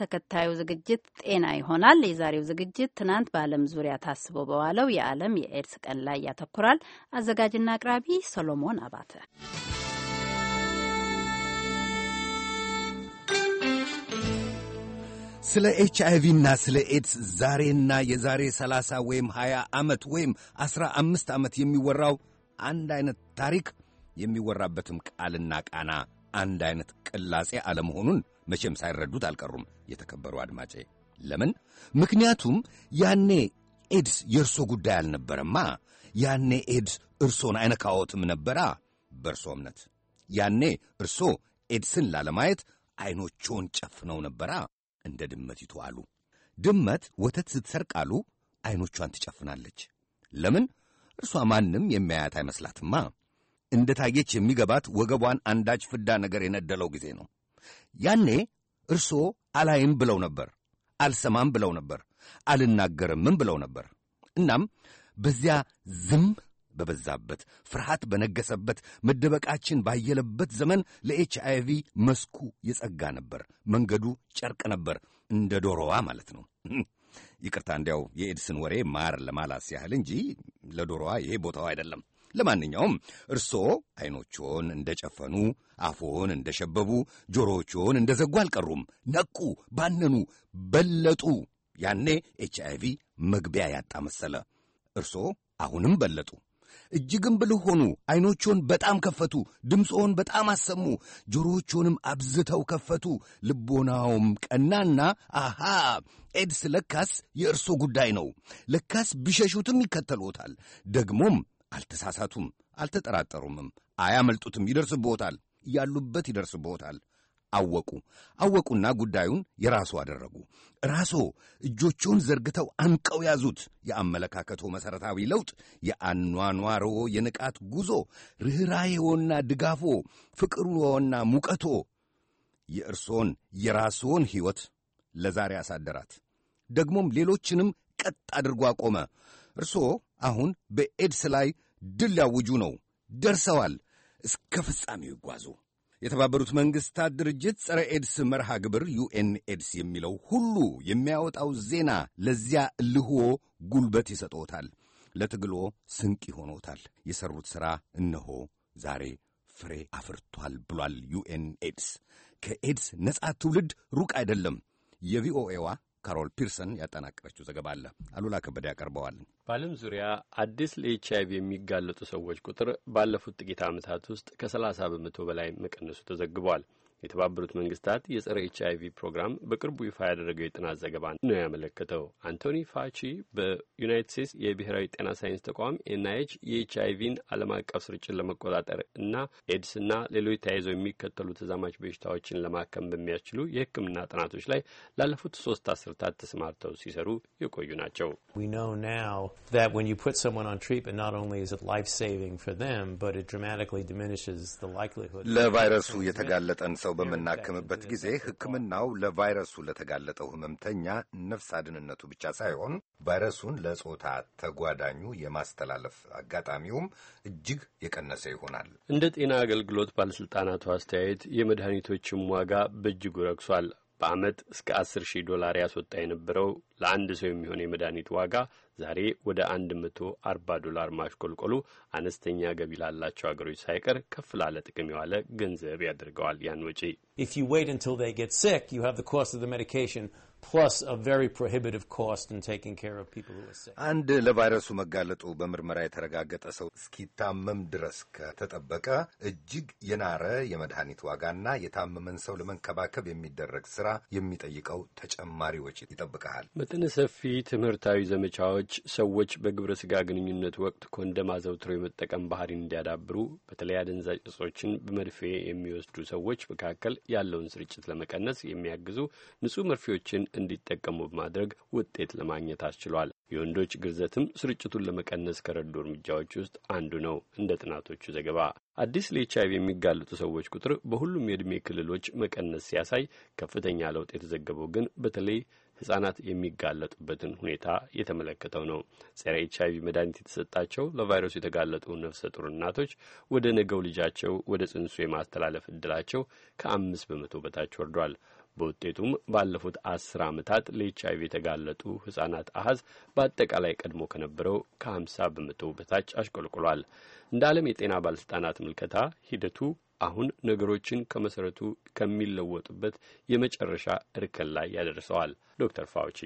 ተከታዩ ዝግጅት ጤና ይሆናል። የዛሬው ዝግጅት ትናንት በዓለም ዙሪያ ታስቦ በዋለው የዓለም የኤድስ ቀን ላይ ያተኩራል። አዘጋጅና አቅራቢ ሰሎሞን አባተ። ስለ ኤች አይቪና ስለ ኤድስ ዛሬና የዛሬ 30 ወይም 20 ዓመት ወይም 15 ዓመት የሚወራው አንድ አይነት ታሪክ የሚወራበትም ቃልና ቃና አንድ አይነት ቅላጼ አለመሆኑን መቼም ሳይረዱት አልቀሩም የተከበሩ አድማጬ። ለምን? ምክንያቱም ያኔ ኤድስ የእርሶ ጉዳይ አልነበረማ። ያኔ ኤድስ እርሶን አይነካዎትም ነበራ። በእርሶ እምነት ያኔ እርሶ ኤድስን ላለማየት ዐይኖችዎን ጨፍነው ነበራ። እንደ ድመቲቱ አሉ። ድመት ወተት ስትሰርቅ አሉ ዐይኖቿን ትጨፍናለች። ለምን? እርሷ ማንም የሚያያት አይመስላትማ። እንደ ታየች የሚገባት ወገቧን አንዳች ፍዳ ነገር የነደለው ጊዜ ነው። ያኔ እርስዎ አላይም ብለው ነበር፣ አልሰማም ብለው ነበር፣ አልናገርምም ብለው ነበር። እናም በዚያ ዝም በበዛበት ፍርሃት በነገሰበት መደበቃችን ባየለበት ዘመን ለኤች አይ ቪ መስኩ የጸጋ ነበር፣ መንገዱ ጨርቅ ነበር፣ እንደ ዶሮዋ ማለት ነው። ይቅርታ እንዲያው የኤድስን ወሬ ማር ለማላስ ያህል እንጂ ለዶሮዋ ይሄ ቦታው አይደለም። ለማንኛውም እርስዎ አይኖችዎን እንደጨፈኑ፣ አፎን እንደሸበቡ፣ ጆሮዎችዎን እንደዘጉ አልቀሩም። ነቁ፣ ባነኑ፣ በለጡ። ያኔ ኤች አይቪ መግቢያ ያጣ መሰለ። እርስዎ አሁንም በለጡ። እጅግም ብልህ ሆኑ። አይኖችዎን በጣም ከፈቱ። ድምፅዎን በጣም አሰሙ። ጆሮዎችዎንም አብዝተው ከፈቱ። ልቦናውም ቀናና አሃ ኤድስ ለካስ የእርሶ ጉዳይ ነው፣ ለካስ ቢሸሹትም ይከተልዎታል ደግሞም አልተሳሳቱም፣ አልተጠራጠሩምም፣ አያመልጡትም። ይደርስብዎታል፣ ያሉበት ይደርስብዎታል። አወቁ። አወቁና ጉዳዩን የራሱ አደረጉ። ራሶ እጆቹን ዘርግተው አንቀው ያዙት። የአመለካከቶ መሠረታዊ ለውጥ፣ የአኗኗሮ የንቃት ጉዞ፣ ርኅራዬዎና ድጋፎ፣ ፍቅርዎና ሙቀቶ የእርሶን የራስዎን ሕይወት ለዛሬ አሳደራት። ደግሞም ሌሎችንም ቀጥ አድርጎ አቆመ። እርስዎ አሁን በኤድስ ላይ ድል ሊያውጁ ነው። ደርሰዋል። እስከ ፍጻሜው ይጓዙ። የተባበሩት መንግሥታት ድርጅት ጸረ ኤድስ መርሃ ግብር ዩኤን ኤድስ የሚለው ሁሉ የሚያወጣው ዜና ለዚያ ልህዎ ጉልበት ይሰጦታል፣ ለትግሎ ስንቅ ይሆኖታል። የሠሩት ሥራ እነሆ ዛሬ ፍሬ አፍርቷል ብሏል ዩኤን ኤድስ። ከኤድስ ነጻ ትውልድ ሩቅ አይደለም። የቪኦኤዋ ካሮል ፒርሰን ያጠናቀረችው ዘገባ አለ። አሉላ ከበደ ያቀርበዋል። በዓለም ዙሪያ አዲስ ለኤች አይቪ የሚጋለጡ ሰዎች ቁጥር ባለፉት ጥቂት ዓመታት ውስጥ ከ30 በመቶ በላይ መቀነሱ ተዘግቧል። የተባበሩት መንግስታት የጸረ ኤች አይቪ ፕሮግራም በቅርቡ ይፋ ያደረገው የጥናት ዘገባ ነው ያመለከተው። አንቶኒ ፋቺ በዩናይትድ ስቴትስ የብሔራዊ ጤና ሳይንስ ተቋም ኤንአይች የኤች አይቪን ዓለም አቀፍ ስርጭት ለመቆጣጠር እና ኤድስና ሌሎች ተያይዘው የሚከተሉ ተዛማች በሽታዎችን ለማከም በሚያስችሉ የሕክምና ጥናቶች ላይ ላለፉት ሶስት አስርታት ተሰማርተው ሲሰሩ የቆዩ ናቸው። ለቫይረሱ የተጋለጠን ሰው በምናክምበት ጊዜ ሕክምናው ለቫይረሱ ለተጋለጠው ህመምተኛ ነፍስ አድንነቱ ብቻ ሳይሆን ቫይረሱን ለጾታ ተጓዳኙ የማስተላለፍ አጋጣሚውም እጅግ የቀነሰ ይሆናል። እንደ ጤና አገልግሎት ባለሥልጣናቱ አስተያየት የመድኃኒቶችም ዋጋ በእጅጉ ረግሷል። በዓመት እስከ 10 ሺህ ዶላር ያስወጣ የነበረው ለአንድ ሰው የሚሆን የመድኃኒት ዋጋ ዛሬ ወደ 140 ዶላር ማሽቆልቆሉ አነስተኛ ገቢ ላላቸው ሀገሮች ሳይቀር ከፍ ላለ ጥቅም የዋለ ገንዘብ ያደርገዋል ያን ወጪ። አንድ ለቫይረሱ መጋለጡ በምርመራ የተረጋገጠ ሰው እስኪታመም ድረስ ከተጠበቀ እጅግ የናረ የመድኃኒት ዋጋና የታመመን ሰው ለመንከባከብ የሚደረግ ስራ የሚጠይቀው ተጨማሪ ወጪ ይጠብቀሃል። መጠነ ሰፊ ትምህርታዊ ዘመቻዎች ሀገሮች ሰዎች በግብረ ስጋ ግንኙነት ወቅት ኮንደም አዘውትረው የመጠቀም ባህሪን እንዲያዳብሩ በተለይ አደንዛዥ እጾችን በመርፌ የሚወስዱ ሰዎች መካከል ያለውን ስርጭት ለመቀነስ የሚያግዙ ንጹህ መርፌዎችን እንዲጠቀሙ በማድረግ ውጤት ለማግኘት አስችሏል። የወንዶች ግርዘትም ስርጭቱን ለመቀነስ ከረዱ እርምጃዎች ውስጥ አንዱ ነው። እንደ ጥናቶቹ ዘገባ አዲስ ለኤች አይቪ የሚጋለጡ ሰዎች ቁጥር በሁሉም የዕድሜ ክልሎች መቀነስ ሲያሳይ፣ ከፍተኛ ለውጥ የተዘገበው ግን በተለይ ህጻናት የሚጋለጡበትን ሁኔታ የተመለከተው ነው። ጸረ ኤች አይቪ መድኃኒት የተሰጣቸው ለቫይረሱ የተጋለጡ ነፍሰ ጡር እናቶች ወደ ነገው ልጃቸው ወደ ጽንሱ የማስተላለፍ እድላቸው ከአምስት በመቶ በታች ወርዷል። በውጤቱም ባለፉት አስር ዓመታት ለኤች አይቪ የተጋለጡ ህጻናት አሀዝ በአጠቃላይ ቀድሞ ከነበረው ከ50 በመቶ በታች አሽቆልቁሏል። እንደ ዓለም የጤና ባለሥልጣናት ምልከታ ሂደቱ አሁን ነገሮችን ከመሰረቱ ከሚለወጡበት የመጨረሻ እርከን ላይ ያደርሰዋል። ዶክተር ፋውቺ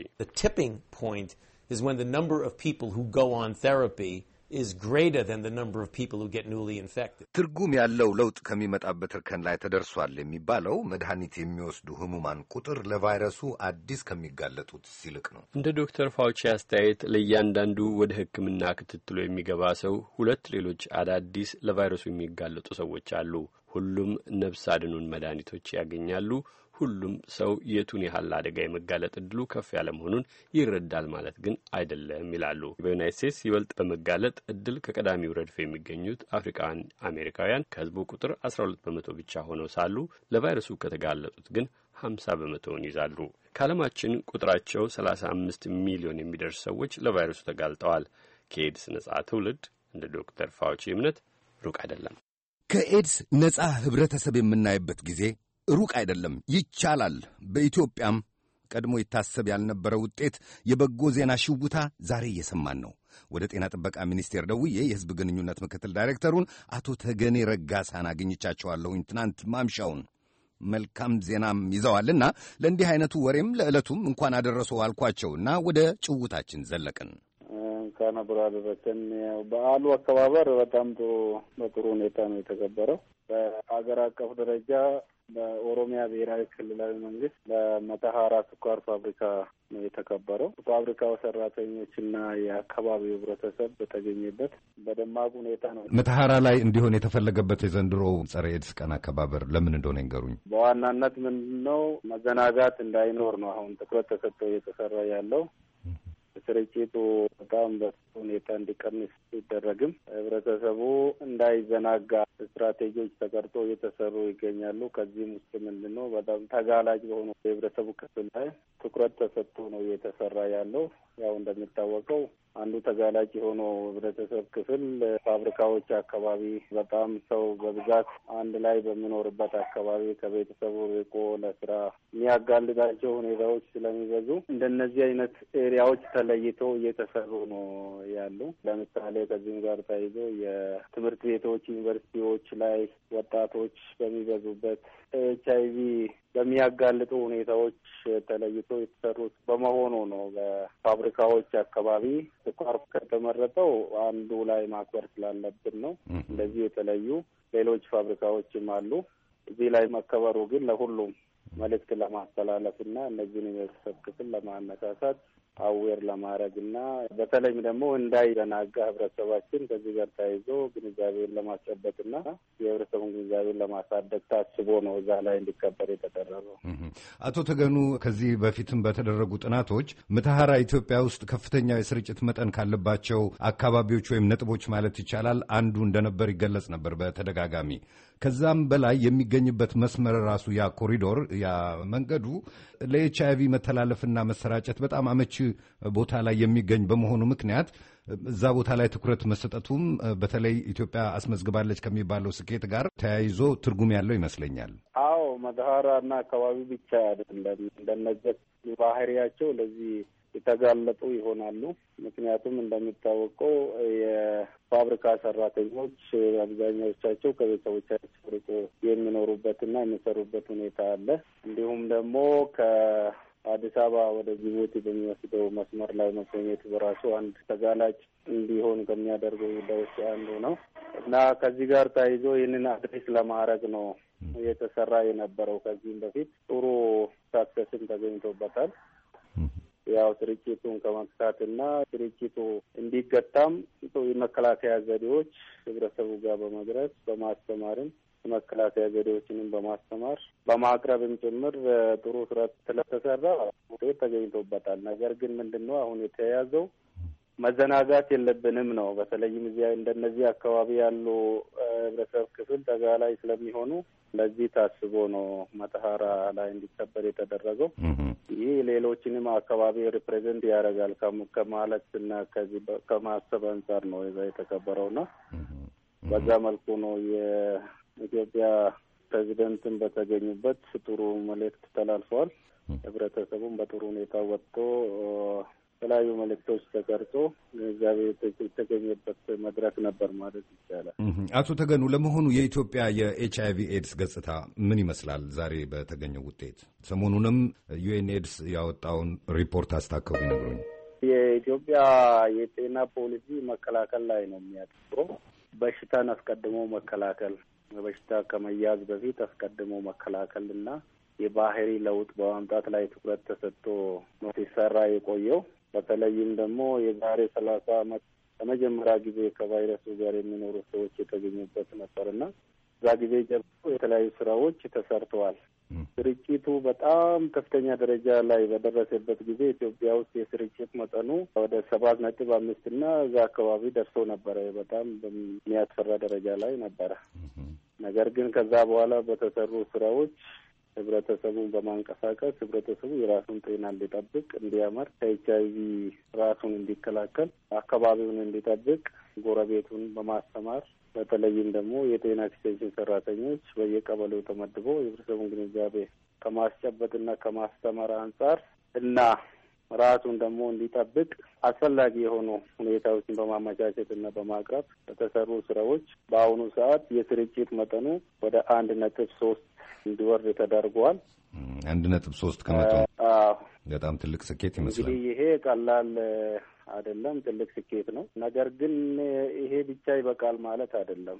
ትርጉም ያለው ለውጥ ከሚመጣበት እርከን ላይ ተደርሷል የሚባለው መድኃኒት የሚወስዱ ህሙማን ቁጥር ለቫይረሱ አዲስ ከሚጋለጡት ሲልቅ ነው። እንደ ዶክተር ፋውቺ አስተያየት ለእያንዳንዱ ወደ ሕክምና ክትትሎ የሚገባ ሰው ሁለት ሌሎች አዳዲስ ለቫይረሱ የሚጋለጡ ሰዎች አሉ። ሁሉም ነብስ አድኑን መድኃኒቶች ያገኛሉ። ሁሉም ሰው የቱን ያህል አደጋ የመጋለጥ እድሉ ከፍ ያለ መሆኑን ይረዳል ማለት ግን አይደለም ይላሉ። በዩናይት ስቴትስ ይበልጥ በመጋለጥ እድል ከቀዳሚው ረድፍ የሚገኙት አፍሪካውያን አሜሪካውያን ከህዝቡ ቁጥር 12 በመቶ ብቻ ሆነው ሳሉ ለቫይረሱ ከተጋለጡት ግን 50 በመቶውን ይዛሉ። ከዓለማችን ቁጥራቸው 35 ሚሊዮን የሚደርስ ሰዎች ለቫይረሱ ተጋልጠዋል። ከኤድስ ነጻ ትውልድ እንደ ዶክተር ፋውቺ እምነት ሩቅ አይደለም። ከኤድስ ነፃ ኅብረተሰብ የምናይበት ጊዜ ሩቅ አይደለም፣ ይቻላል። በኢትዮጵያም ቀድሞ ይታሰብ ያልነበረ ውጤት፣ የበጎ ዜና ሽውታ ዛሬ እየሰማን ነው። ወደ ጤና ጥበቃ ሚኒስቴር ደውዬ የሕዝብ ግንኙነት ምክትል ዳይሬክተሩን አቶ ተገኔ ረጋሳን አግኝቻቸዋለሁኝ ትናንት ማምሻውን። መልካም ዜናም ይዘዋልና ለእንዲህ አይነቱ ወሬም ለዕለቱም እንኳን አደረሰው አልኳቸውና ወደ ጭውታችን ዘለቅን። ምስጋና ብሎ አደረሰን። በዓሉ አከባበር በጣም ጥሩ በጥሩ ሁኔታ ነው የተከበረው። በሀገር አቀፍ ደረጃ በኦሮሚያ ብሔራዊ ክልላዊ መንግስት በመተሃራ ስኳር ፋብሪካ ነው የተከበረው። ፋብሪካው ሰራተኞችና የአካባቢው ህብረተሰብ በተገኘበት በደማቅ ሁኔታ ነው። መተሃራ ላይ እንዲሆን የተፈለገበት የዘንድሮ ጸረ ኤድስ ቀን አከባበር ለምን እንደሆነ ይንገሩኝ። በዋናነት ምንድን ነው መዘናጋት እንዳይኖር ነው አሁን ትኩረት ተሰጥቶ እየተሰራ ያለው። ስርጭቱ በጣም በሱ ሁኔታ እንዲቀንስ ሲደረግም ህብረተሰቡ እንዳይዘናጋ ስትራቴጂዎች ተቀርጦ እየተሰሩ ይገኛሉ። ከዚህም ውስጥ ምንድን ነው በጣም ተጋላጭ በሆኑ የህብረተሰቡ ክፍል ላይ ትኩረት ተሰጥቶ ነው እየተሰራ ያለው። ያው እንደሚታወቀው አንዱ ተጋላጭ የሆነው ህብረተሰብ ክፍል ፋብሪካዎች አካባቢ በጣም ሰው በብዛት አንድ ላይ በሚኖርበት አካባቢ ከቤተሰቡ ርቆ ለስራ የሚያጋልጣቸው ሁኔታዎች ስለሚበዙ እንደነዚህ አይነት ኤሪያዎች ተለ ተለይቶ እየተሰሩ ነው ያሉ። ለምሳሌ ከዚህም ጋር ተያይዞ የትምህርት ቤቶች፣ ዩኒቨርሲቲዎች ላይ ወጣቶች በሚበዙበት ኤች አይ ቪ በሚያጋልጡ ሁኔታዎች ተለይቶ የተሰሩት በመሆኑ ነው። በፋብሪካዎች አካባቢ ስኳር ከተመረጠው አንዱ ላይ ማክበር ስላለብን ነው። እንደዚህ የተለዩ ሌሎች ፋብሪካዎችም አሉ። እዚህ ላይ መከበሩ ግን ለሁሉም መልእክት ለማስተላለፍና እነዚህን የህብረተሰብ ክፍል ለማነሳሳት አዌር ለማድረግ እና በተለይም ደግሞ እንዳይዘናጋ ህብረተሰባችን ከዚህ ጋር ተያይዞ ግንዛቤውን ለማስጨበጥ እና የህብረተሰቡን ግንዛቤን ለማሳደግ ታስቦ ነው እዛ ላይ እንዲከበር የተደረገው። አቶ ተገኑ ከዚህ በፊትም በተደረጉ ጥናቶች ምትሃራ ኢትዮጵያ ውስጥ ከፍተኛ የስርጭት መጠን ካለባቸው አካባቢዎች ወይም ነጥቦች ማለት ይቻላል አንዱ እንደነበር ይገለጽ ነበር በተደጋጋሚ ከዛም በላይ የሚገኝበት መስመር ራሱ ያ ኮሪዶር ያ መንገዱ ለኤች አይቪ መተላለፍና መሰራጨት በጣም አመቺ ቦታ ላይ የሚገኝ በመሆኑ ምክንያት እዛ ቦታ ላይ ትኩረት መሰጠቱም በተለይ ኢትዮጵያ አስመዝግባለች ከሚባለው ስኬት ጋር ተያይዞ ትርጉም ያለው ይመስለኛል። አዎ መድሀራ እና አካባቢ ብቻ አይደለም። እንደነዚህ ባህሪያቸው ለዚህ የተጋለጡ ይሆናሉ። ምክንያቱም እንደሚታወቀው የፋብሪካ ሰራተኞች አብዛኛዎቻቸው ከቤተሰቦቻቸው ርቆ የሚኖሩበትና የሚሰሩበት ሁኔታ አለ። እንዲሁም ደግሞ ከ አዲስ አበባ ወደ ጅቡቲ በሚወስደው መስመር ላይ መገኘቱ በራሱ አንድ ተጋላጭ እንዲሆን ከሚያደርገው ጉዳዮች አንዱ ነው እና ከዚህ ጋር ተያይዞ ይህንን አድሬስ ለማድረግ ነው የተሰራ የነበረው። ከዚህም በፊት ጥሩ ሳክሰስም ተገኝቶበታል። ያው ስርጭቱን ከመግታትና ስርጭቱ እንዲገታም የመከላከያ ዘዴዎች ህብረተሰቡ ጋር በመድረስ በማስተማርም መከላከያ ዘዴዎችንም በማስተማር በማቅረብም ጭምር ጥሩ ስረት ስለተሰራ ውጤት ተገኝቶበታል። ነገር ግን ምንድን ነው አሁን የተያያዘው መዘናጋት የለብንም ነው። በተለይም እዚያ እንደነዚህ አካባቢ ያሉ ህብረተሰብ ክፍል ተጋላይ ስለሚሆኑ ለዚህ ታስቦ ነው መጠሀራ ላይ እንዲከበር የተደረገው። ይህ ሌሎችንም አካባቢ ሪፕሬዘንት ያደርጋል ከማለት እና ከዚህ ከማሰብ አንጻር ነው የዛ የተከበረውና በዛ መልኩ ነው ኢትዮጵያ ፕሬዚደንትን በተገኙበት ጥሩ መልእክት ተላልፈዋል። ህብረተሰቡም በጥሩ ሁኔታ ወጥቶ የተለያዩ መልእክቶች ተቀርጾ ግንዛቤ የተገኘበት መድረክ ነበር ማለት ይቻላል። አቶ ተገኑ፣ ለመሆኑ የኢትዮጵያ የኤች አይቪ ኤድስ ገጽታ ምን ይመስላል? ዛሬ በተገኘው ውጤት ሰሞኑንም ዩኤን ኤድስ ያወጣውን ሪፖርት አስታከው ይነግሩኝ። የኢትዮጵያ የጤና ፖሊሲ መከላከል ላይ ነው የሚያተኩረው፣ በሽታን አስቀድሞ መከላከል በሽታ ከመያዝ በፊት አስቀድሞ መከላከልና የባህሪ ለውጥ በማምጣት ላይ ትኩረት ተሰጥቶ ነው ሲሰራ የቆየው። በተለይም ደግሞ የዛሬ ሰላሳ አመት ለመጀመሪያ ጊዜ ከቫይረሱ ጋር የሚኖሩ ሰዎች የተገኙበት ነበርና እዛ ጊዜ ጀምሮ የተለያዩ ስራዎች ተሰርተዋል። ስርጭቱ በጣም ከፍተኛ ደረጃ ላይ በደረሰበት ጊዜ ኢትዮጵያ ውስጥ የስርጭት መጠኑ ወደ ሰባት ነጥብ አምስት እና እዛ አካባቢ ደርሶ ነበረ። በጣም በሚያስፈራ ደረጃ ላይ ነበረ። ነገር ግን ከዛ በኋላ በተሰሩ ስራዎች ህብረተሰቡን በማንቀሳቀስ ህብረተሰቡ የራሱን ጤና እንዲጠብቅ እንዲያመር ከኤች አይቪ ራሱን እንዲከላከል አካባቢውን እንዲጠብቅ ጎረቤቱን በማስተማር በተለይም ደግሞ የጤና ኤክስቴንሽን ሰራተኞች በየቀበሌው ተመድቦ የህብረተሰቡን ግንዛቤ ከማስጨበጥና ከማስተማር አንጻር እና ራሱን ደግሞ እንዲጠብቅ አስፈላጊ የሆኑ ሁኔታዎችን በማመቻቸት እና በማቅረብ በተሰሩ ስራዎች በአሁኑ ሰዓት የስርጭት መጠኑ ወደ አንድ ነጥብ ሶስት እንዲወርድ ተደርጓል። አንድ ነጥብ ሶስት ከመቶ በጣም ትልቅ ስኬት ይመስላል። እንግዲህ ይሄ ቀላል አይደለም፣ ትልቅ ስኬት ነው። ነገር ግን ይሄ ብቻ ይበቃል ማለት አይደለም።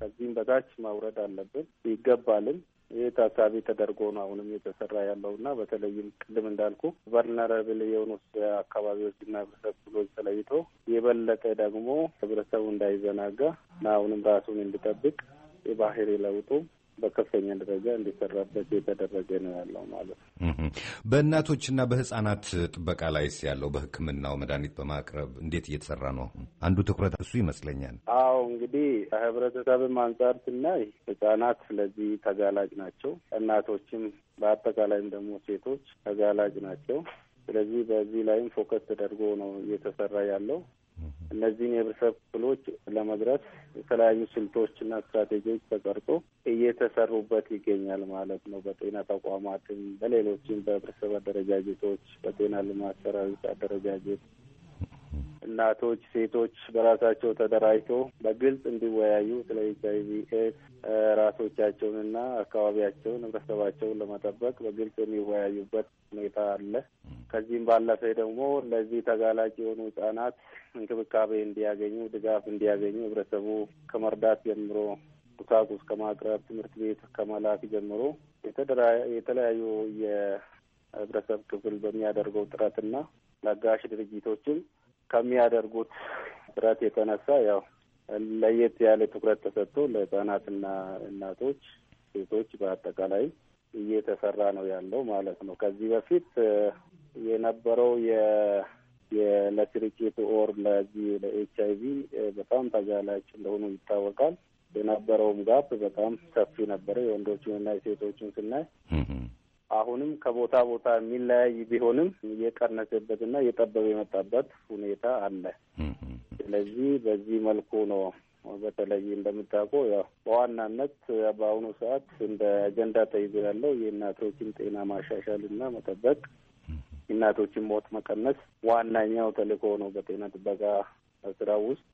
ከዚህም በታች ማውረድ አለብን ይገባልን ይህ ታሳቢ ተደርጎ ነው አሁንም እየተሰራ ያለው እና በተለይም ቅድም እንዳልኩ ቨልነራብል የሆኑ አካባቢዎችና ህብረተሰብ ክፍሎች ተለይቶ የበለጠ ደግሞ ህብረተሰቡ እንዳይዘናጋ እና አሁንም ራሱን እንዲጠብቅ የባህሪ ለውጡ በከፍተኛ ደረጃ እንዲሰራበት የተደረገ ነው ያለው ማለት ነው። በእናቶችና በህጻናት ጥበቃ ላይስ ያለው በህክምናው መድኃኒት በማቅረብ እንዴት እየተሰራ ነው? አንዱ ትኩረት እሱ ይመስለኛል። አዎ እንግዲህ ከህብረተሰብም አንጻር ስናይ ህጻናት ስለዚህ ተጋላጭ ናቸው። እናቶችም በአጠቃላይም ደግሞ ሴቶች ተጋላጭ ናቸው። ስለዚህ በዚህ ላይም ፎከስ ተደርጎ ነው እየተሰራ ያለው። እነዚህን የህብረተሰብ ክፍሎች ለመድረስ የተለያዩ ስልቶችና ስትራቴጂዎች ተቀርጾ እየተሰሩበት ይገኛል ማለት ነው። በጤና ተቋማትም፣ በሌሎችም በህብረተሰብ አደረጃጀቶች፣ በጤና ልማት ሰራዊት አደረጃጀት እናቶች፣ ሴቶች በራሳቸው ተደራጅተው በግልጽ እንዲወያዩ ስለ ኤች ቪ ኤድስ ራሶቻቸውንና አካባቢያቸውን ህብረተሰባቸውን ለመጠበቅ በግልጽ የሚወያዩበት ሁኔታ አለ። ከዚህም ባለፈ ደግሞ ለዚህ ተጋላጭ የሆኑ ህጻናት እንክብካቤ እንዲያገኙ፣ ድጋፍ እንዲያገኙ ህብረተሰቡ ከመርዳት ጀምሮ ቁሳቁስ ከማቅረብ ትምህርት ቤት ከመላክ ጀምሮ የተለያዩ የህብረተሰብ ክፍል በሚያደርገው ጥረትና ለጋሽ ድርጅቶችም ከሚያደርጉት ጥረት የተነሳ ያው ለየት ያለ ትኩረት ተሰጥቶ ለህጻናትና እናቶች፣ ሴቶች በአጠቃላይ እየተሰራ ነው ያለው ማለት ነው። ከዚህ በፊት የነበረው ለስርጭት ኦር ለዚህ ለኤች አይ ቪ በጣም ተጋላጭ እንደሆኑ ይታወቃል። የነበረውም ጋፕ በጣም ሰፊ ነበረ። የወንዶችንና የሴቶችን ስናይ አሁንም ከቦታ ቦታ የሚለያይ ቢሆንም እየቀነሰበትና እየጠበበ የመጣበት ሁኔታ አለ። ስለዚህ በዚህ መልኩ ነው በተለይ እንደምታውቀው ያው በዋናነት በአሁኑ ሰዓት እንደ አጀንዳ ተይዞ ያለው የእናቶችን ጤና ማሻሻልና መጠበቅ፣ የእናቶችን ሞት መቀነስ ዋናኛው ተልዕኮ ነው በጤና ጥበቃ ስራ ውስጥ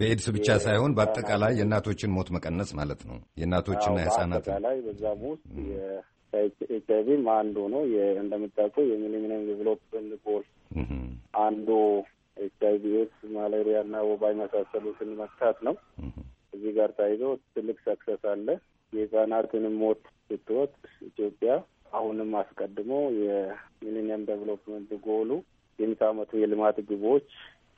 በኤድስ ብቻ ሳይሆን በአጠቃላይ የእናቶችን ሞት መቀነስ ማለት ነው። የእናቶችና የህጻናት ላይ በዛም ውስጥ ከኤች አይቪም አንዱ ነው። እንደምታውቀው የሚሊኒየም ዴቨሎፕመንት ጎል አንዱ ኤች አይቪ ኤድስ፣ ማላሪያ እና ወባ የመሳሰሉትን መክታት ነው። እዚህ ጋር ታይዞ ትልቅ ሰክሰስ አለ። የህጻናትንም ሞት ስትወት ኢትዮጵያ አሁንም አስቀድሞ የሚሊኒየም ዴቨሎፕመንት ጎሉ የምሳ ዓመቱ የልማት ግቦች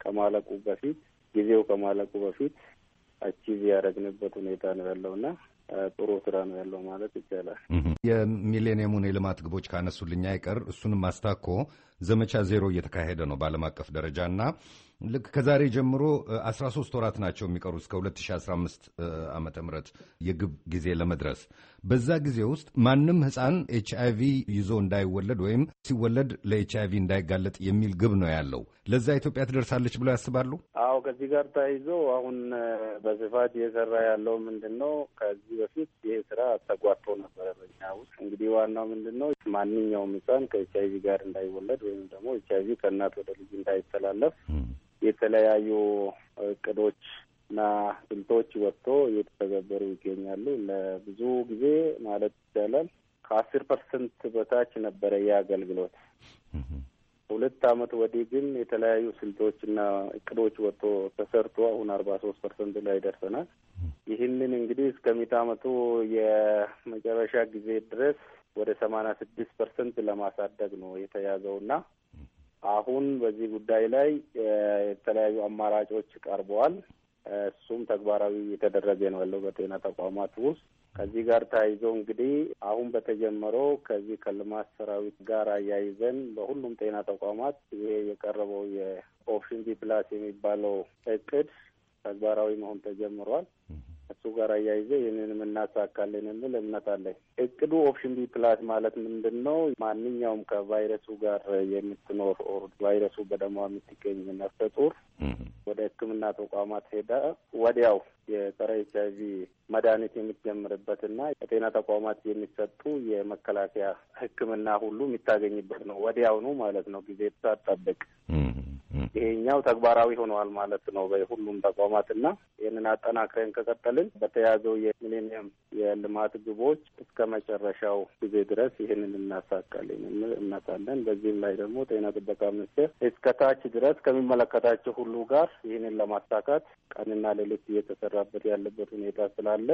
ከማለቁ በፊት ጊዜው ከማለቁ በፊት አቺቭ ያደረግንበት ሁኔታ ነው ያለው ያለውና ጥሩ ስራ ነው ያለው ማለት ይቻላል። የሚሌኒየሙን የልማት ግቦች ካነሱልኝ አይቀር እሱንም አስታኮ ዘመቻ ዜሮ እየተካሄደ ነው በዓለም አቀፍ ደረጃና ልክ ከዛሬ ጀምሮ 13 ወራት ናቸው የሚቀሩ እስከ 2015 ዓ ምህረት የግብ ጊዜ ለመድረስ። በዛ ጊዜ ውስጥ ማንም ሕፃን ኤች አይ ቪ ይዞ እንዳይወለድ ወይም ሲወለድ ለኤች አይ ቪ እንዳይጋለጥ የሚል ግብ ነው ያለው። ለዛ ኢትዮጵያ ትደርሳለች ብለው ያስባሉ? አዎ፣ ከዚህ ጋር ተያይዞ አሁን በስፋት እየሰራ ያለው ምንድን ነው? ከዚህ በፊት ይህ ስራ ተጓቶ ነበረ በኛ ውስጥ። እንግዲህ ዋናው ምንድን ነው ማንኛውም ሕፃን ከኤች አይ ቪ ጋር እንዳይወለድ ወይም ደግሞ ኤች አይቪ ከእናት ወደ ልጅ እንዳይተላለፍ የተለያዩ እቅዶች እና ስልቶች ወጥቶ እየተተገበሩ ይገኛሉ። ለብዙ ጊዜ ማለት ይቻላል ከአስር ፐርሰንት በታች ነበረ የአገልግሎት አገልግሎት። ሁለት አመት ወዲህ ግን የተለያዩ ስልቶች እና እቅዶች ወጥቶ ተሰርቶ አሁን አርባ ሶስት ፐርሰንት ላይ ደርሰናል። ይህንን እንግዲህ እስከ ሚት አመቱ የመጨረሻ ጊዜ ድረስ ወደ ሰማንያ ስድስት ፐርሰንት ለማሳደግ ነው የተያዘውና አሁን በዚህ ጉዳይ ላይ የተለያዩ አማራጮች ቀርበዋል። እሱም ተግባራዊ የተደረገ ነው ያለው በጤና ተቋማት ውስጥ። ከዚህ ጋር ተያይዞ እንግዲህ አሁን በተጀመረው ከዚህ ከልማት ሰራዊት ጋር አያይዘን በሁሉም ጤና ተቋማት ይሄ የቀረበው የኦፕሽን ቢ ፕላስ የሚባለው እቅድ ተግባራዊ መሆን ተጀምሯል። እሱ ጋር አያይዘ ይህንንም እናሳካለን የሚል እምነት አለ። እቅዱ ኦፕሽን ቢ ፕላስ ማለት ምንድን ነው? ማንኛውም ከቫይረሱ ጋር የምትኖር ኦር ቫይረሱ በደሟ የምትገኝ ነፍሰ ጡር ወደ ሕክምና ተቋማት ሄዳ ወዲያው የጸረ ኤች አይ ቪ መድኃኒት የምትጀምርበትና የጤና ተቋማት የሚሰጡ የመከላከያ ሕክምና ሁሉ የሚታገኝበት ነው። ወዲያውኑ ማለት ነው። ጊዜ ተሳጠብቅ ይሄኛው ተግባራዊ ሆነዋል ማለት ነው በሁሉም ተቋማት እና ይህንን አጠናክረን ከቀጠልን በተያዘው የሚሌኒየም የልማት ግቦች እስከ መጨረሻው ጊዜ ድረስ ይህንን እናሳካለን እናሳለን። በዚህም ላይ ደግሞ ጤና ጥበቃ ሚኒስቴር እስከ ታች ድረስ ከሚመለከታቸው ሁሉ ጋር ይህንን ለማሳካት ቀንና ሌሊት እየተሰራበት ያለበት ሁኔታ ስላለ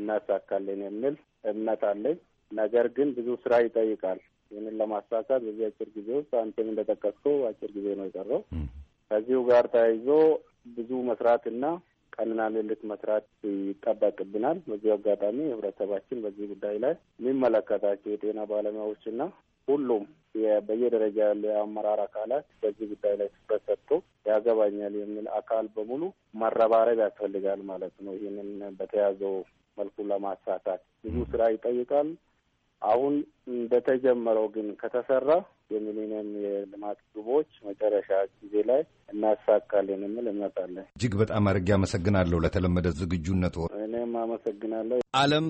እናሳካለን የሚል እምነት አለኝ። ነገር ግን ብዙ ስራ ይጠይቃል። ይህንን ለማሳካት በዚህ አጭር ጊዜ ውስጥ አንተም እንደጠቀስከው አጭር ጊዜ ነው የቀረው። ከዚሁ ጋር ተያይዞ ብዙ መስራትና ቀንና ሌሊት መስራት ይጠበቅብናል። በዚሁ አጋጣሚ ህብረተሰባችን በዚህ ጉዳይ ላይ የሚመለከታቸው የጤና ባለሙያዎችና ሁሉም በየደረጃ ያሉ የአመራር አካላት በዚህ ጉዳይ ላይ ትኩረት ሰጥቶ ያገባኛል የሚል አካል በሙሉ መረባረብ ያስፈልጋል ማለት ነው። ይህንን በተያዘው መልኩ ለማሳካት ብዙ ስራ ይጠይቃል። አሁን እንደተጀመረው ግን ከተሰራ የሚሊኒየም የልማት ግቦች መጨረሻ ጊዜ ላይ እናሳካለን የሚል እምነት አለን። እጅግ በጣም አድርጌ አመሰግናለሁ ለተለመደ ዝግጁነት። እኔም አመሰግናለሁ። ዓለም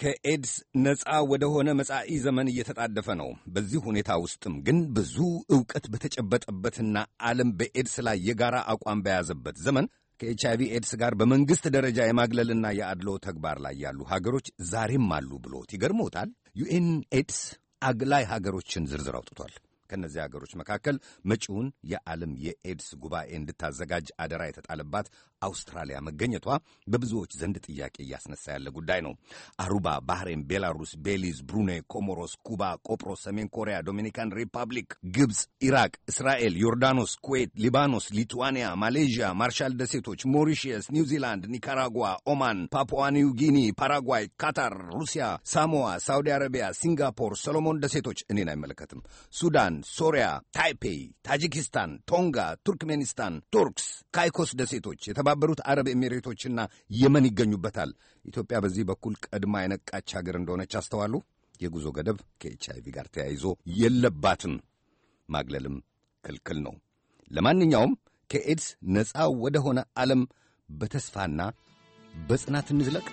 ከኤድስ ነፃ ወደሆነ መጻኢ ዘመን እየተጣደፈ ነው። በዚህ ሁኔታ ውስጥም ግን ብዙ እውቀት በተጨበጠበትና ዓለም በኤድስ ላይ የጋራ አቋም በያዘበት ዘመን ከኤች አይቪ ኤድስ ጋር በመንግሥት ደረጃ የማግለልና የአድሎ ተግባር ላይ ያሉ ሀገሮች ዛሬም አሉ ብሎት ይገርሞታል። ዩኤን ኤድስ አግላይ ሀገሮችን ዝርዝር አውጥቷል። ከእነዚህ ሀገሮች መካከል መጪውን የዓለም የኤድስ ጉባኤ እንድታዘጋጅ አደራ የተጣለባት አውስትራሊያ መገኘቷ በብዙዎች ዘንድ ጥያቄ እያስነሳ ያለ ጉዳይ ነው። አሩባ፣ ባህሬን፣ ቤላሩስ፣ ቤሊዝ፣ ብሩኔ፣ ኮሞሮስ፣ ኩባ፣ ቆጵሮስ፣ ሰሜን ኮሪያ፣ ዶሚኒካን ሪፐብሊክ፣ ግብፅ፣ ኢራቅ፣ እስራኤል፣ ዮርዳኖስ፣ ኩዌት፣ ሊባኖስ፣ ሊቱዋንያ፣ ማሌዥያ፣ ማርሻል ደሴቶች፣ ሞሪሽየስ፣ ኒውዚላንድ፣ ኒካራጓ፣ ኦማን፣ ፓፑዋ ኒው ጊኒ፣ ፓራጓይ፣ ካታር፣ ሩሲያ፣ ሳሞዋ፣ ሳውዲ አረቢያ፣ ሲንጋፖር፣ ሰሎሞን ደሴቶች እኔን አይመለከትም፣ ሱዳን፣ ሶሪያ፣ ታይፔይ፣ ታጂኪስታን፣ ቶንጋ፣ ቱርክሜኒስታን፣ ቱርክስ፣ ካይኮስ ደሴቶች የተባ የተባበሩት አረብ ኤሚሬቶችና የመን ይገኙበታል። ኢትዮጵያ በዚህ በኩል ቀድማ የነቃች ሀገር እንደሆነች አስተዋሉ። የጉዞ ገደብ ከኤች አይቪ ጋር ተያይዞ የለባትም፣ ማግለልም ክልክል ነው። ለማንኛውም ከኤድስ ነፃ ወደ ሆነ ዓለም በተስፋና በጽናት እንዝለቅ።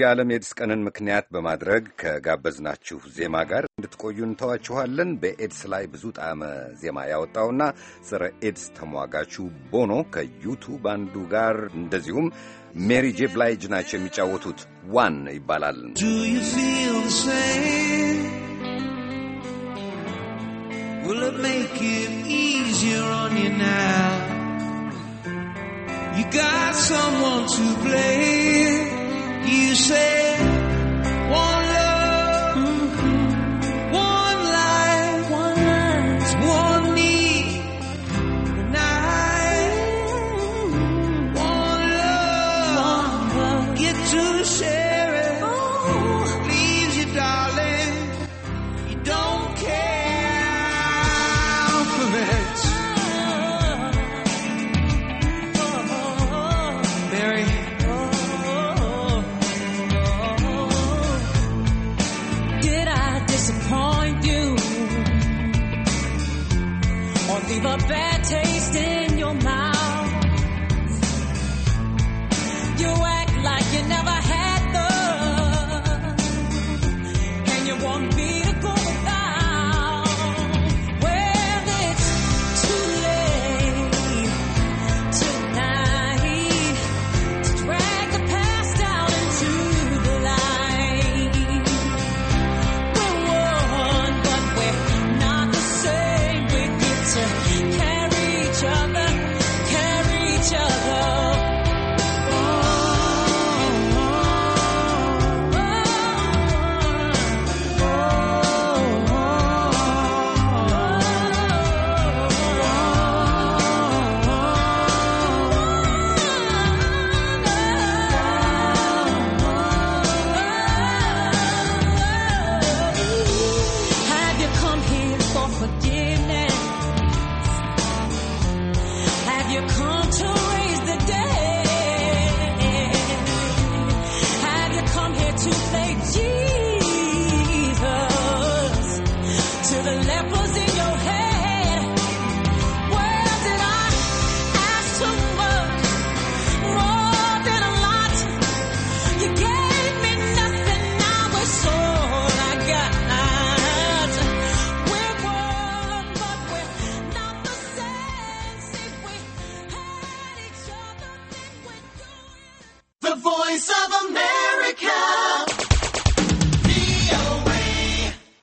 የዓለም ኤድስ ቀንን ምክንያት በማድረግ ከጋበዝናችሁ ዜማ ጋር እንድትቆዩ እንተዋችኋለን። በኤድስ ላይ ብዙ ጣዕመ ዜማ ያወጣውና ጸረ ኤድስ ተሟጋቹ ቦኖ ከዩቱብ አንዱ ጋር እንደዚሁም ሜሪ ጄ ብላይጅ ናቸው የሚጫወቱት። ዋን ይባላል። Will it make it easier on you now? You got someone to blame. You said one you come to